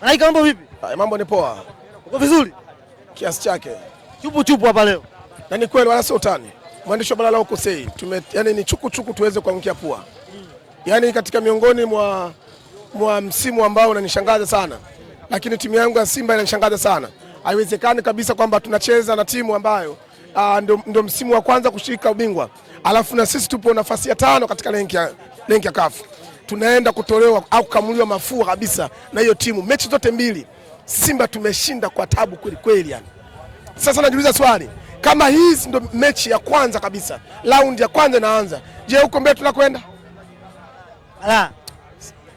Malaika, mambo vipi? Mambo ni poa. Uko vizuri? Kiasi chake. Chupu chupu hapa leo. Na ni kweli wala sio utani. Mwandishi wa Balala huko sei. Tume yani ni chuku chuku tuweze kuangukia pua. Yaani katika miongoni mwa mwa msimu ambao unanishangaza sana. Lakini timu yangu ya Simba inanishangaza sana. Haiwezekani kabisa kwamba tunacheza na timu ambayo Uh, ndo, ndo msimu wa kwanza kushika ubingwa alafu na sisi tupo nafasi ya tano katika lenki ya, lenki ya kafu tunaenda kutolewa au kukamuliwa mafua kabisa na hiyo timu. Mechi zote mbili Simba tumeshinda kwa tabu kweli kweli, yani. Sasa najiuliza swali kama hizi ndo mechi ya kwanza kabisa, raundi ya kwanza inaanza, je, huko mbele tunakwenda?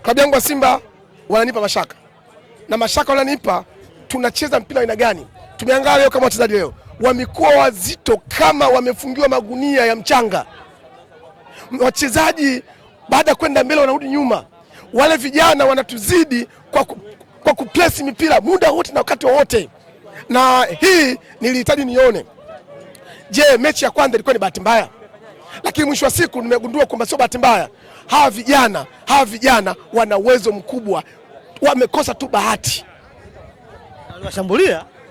Klabu yangu wa Simba wananipa mashaka na mashaka wananipa, tunacheza mpira aina gani? Tumeangalia leo kama wachezaji leo wamekuwa wazito kama wamefungiwa magunia ya mchanga, wachezaji baada ya kwenda mbele wanarudi nyuma. Wale vijana wanatuzidi kwa, ku, kwa kuplesi mipira muda wote na wakati wowote, na hii nilihitaji nione. Je, mechi ya kwanza ilikuwa ni bahati mbaya? Lakini mwisho wa siku nimegundua kwamba sio bahati mbaya. Hawa vijana hawa vijana wana uwezo mkubwa, wamekosa tu bahati.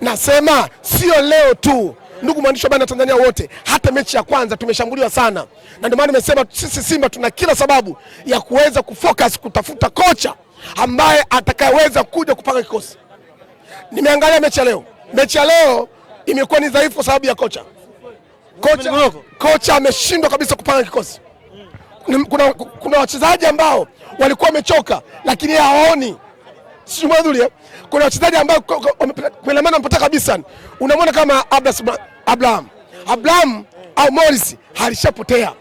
nasema sio leo tu. Ndugu mwandishi wa na Tanzania wote, hata mechi ya kwanza tumeshambuliwa sana, na ndio maana nimesema sisi Simba tuna kila sababu ya kuweza kufocus kutafuta kocha ambaye atakayeweza kuja kupanga kikosi. Nimeangalia mechi ya leo, mechi ya leo imekuwa ni dhaifu kwa sababu ya kocha. Kocha, kocha ameshindwa kabisa kupanga kikosi. Kuna, kuna wachezaji ambao walikuwa wamechoka, lakini hawaoni Shumadulia eh? kuna wachezaji ambao kuelemana mpata kabisa, unamwona kama Ablas Abraham Abraham au Morris alishapotea,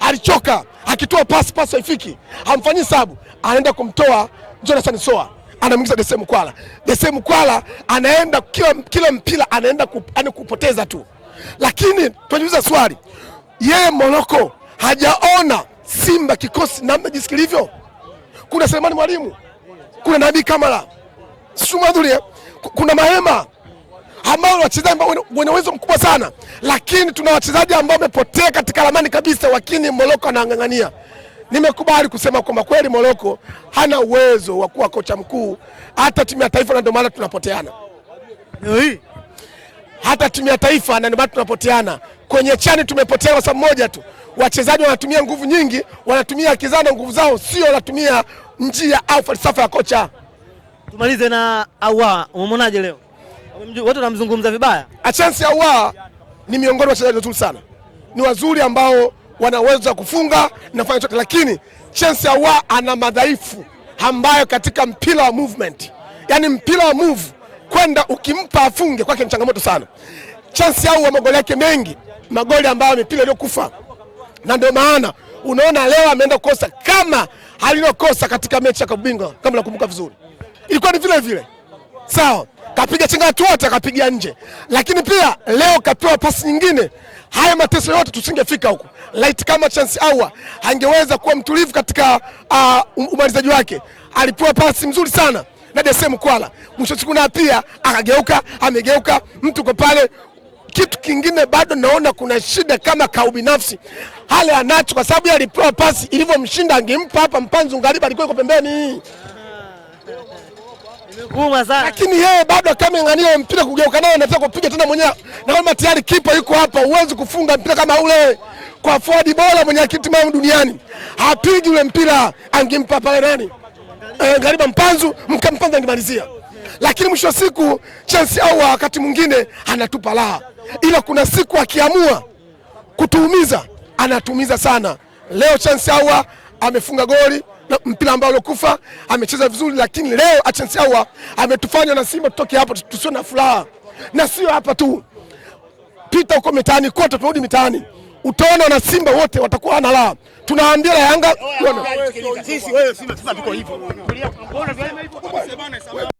alichoka, akitoa pasi pasi haifiki, hamfanyi sabu, anaenda kumtoa Jonathan Soa, anamwingiza Dese Mkwala. Dese Mkwala anaenda kila, kila mpira anaenda kup, yaani kupoteza tu, lakini tunajiuliza swali, yeye Moroko hajaona Simba kikosi namna jinsi kilivyo, kuna Selemani Mwalimu kuna Nabii Kamara, Sumadhuri, kuna Mahema ambao wachezaji ambao wenye uwezo mkubwa sana, lakini tuna wachezaji ambao wamepotea katika ramani kabisa, wakini Moroko anang'ang'ania. Nimekubali kusema kwamba kweli Moroko hana uwezo wa kuwa kocha mkuu hata timu ya taifa, na ndio maana tunapoteana hata timu ya taifa, na ndio maana tunapoteana. Kwenye chani tumepotea kwa sababu moja tu, wachezaji wanatumia nguvu nyingi, wanatumia kizana nguvu zao, sio wanatumia njia au falsafa ya kocha. Tumalize na Awa, umemwonaje leo? Watu wanamzungumza vibaya. Achansi Awa ni miongoni mwa wachezaji wazuri sana, ni wazuri ambao wanaweza kufunga na kufanya chote, lakini Chance Ahoua ana madhaifu ambayo katika mpira wa movement, yani mpira wa move kwenda ukimpa afunge kwake ni changamoto sana. Chance Ahoua magoli yake mengi magoli ambayo amepiga aliyokufa, na ndio maana unaona leo ameenda kukosa kama alilokosa katika mechi ya kabingwa, kama nakumbuka vizuri, ilikuwa ni vile vile sawa. Kapiga changatu wote akapiga nje, lakini pia leo kapewa pasi nyingine. Haya mateso yote tusingefika huko light, kama chance awa angeweza kuwa mtulivu katika uh, umalizaji wake. Alipewa pasi mzuri sana na Desem Kwala mwisho siku, na pia akageuka, amegeuka mtu kwa pale kitu kingine bado naona kuna shida kama kaubinafsi hale anacho, kwa sababu alipewa pasi ilivyomshinda angempa hapa. Mpanzu ngariba alikuwa yuko pembeni lakini yeye bado akameng'ania mpira kugeuka naye anataka kupiga tena mwenyewe. Na kama tayari kipa yuko hapa, huwezi kufunga mpira kama ule kwa forward bora mwenye akiti mama duniani, hapigi ule mpira, angempa pale nani Eh, Ngariba Mpanzu mkampanza angemalizia, lakini mwisho wa siku chance au wakati mwingine anatupa laha ila kuna siku akiamua kutuumiza anatuumiza sana. Leo Chance hawa amefunga goli na mpira ambao uliokufa, amecheza vizuri, lakini leo Chance hawa ametufanya na Simba tutoke hapa tusio na furaha, na sio hapa tu, pita huko mitaani kote, tunarudi mitaani utaona na Simba wote watakuwa na raha. Tunaambia la Yanga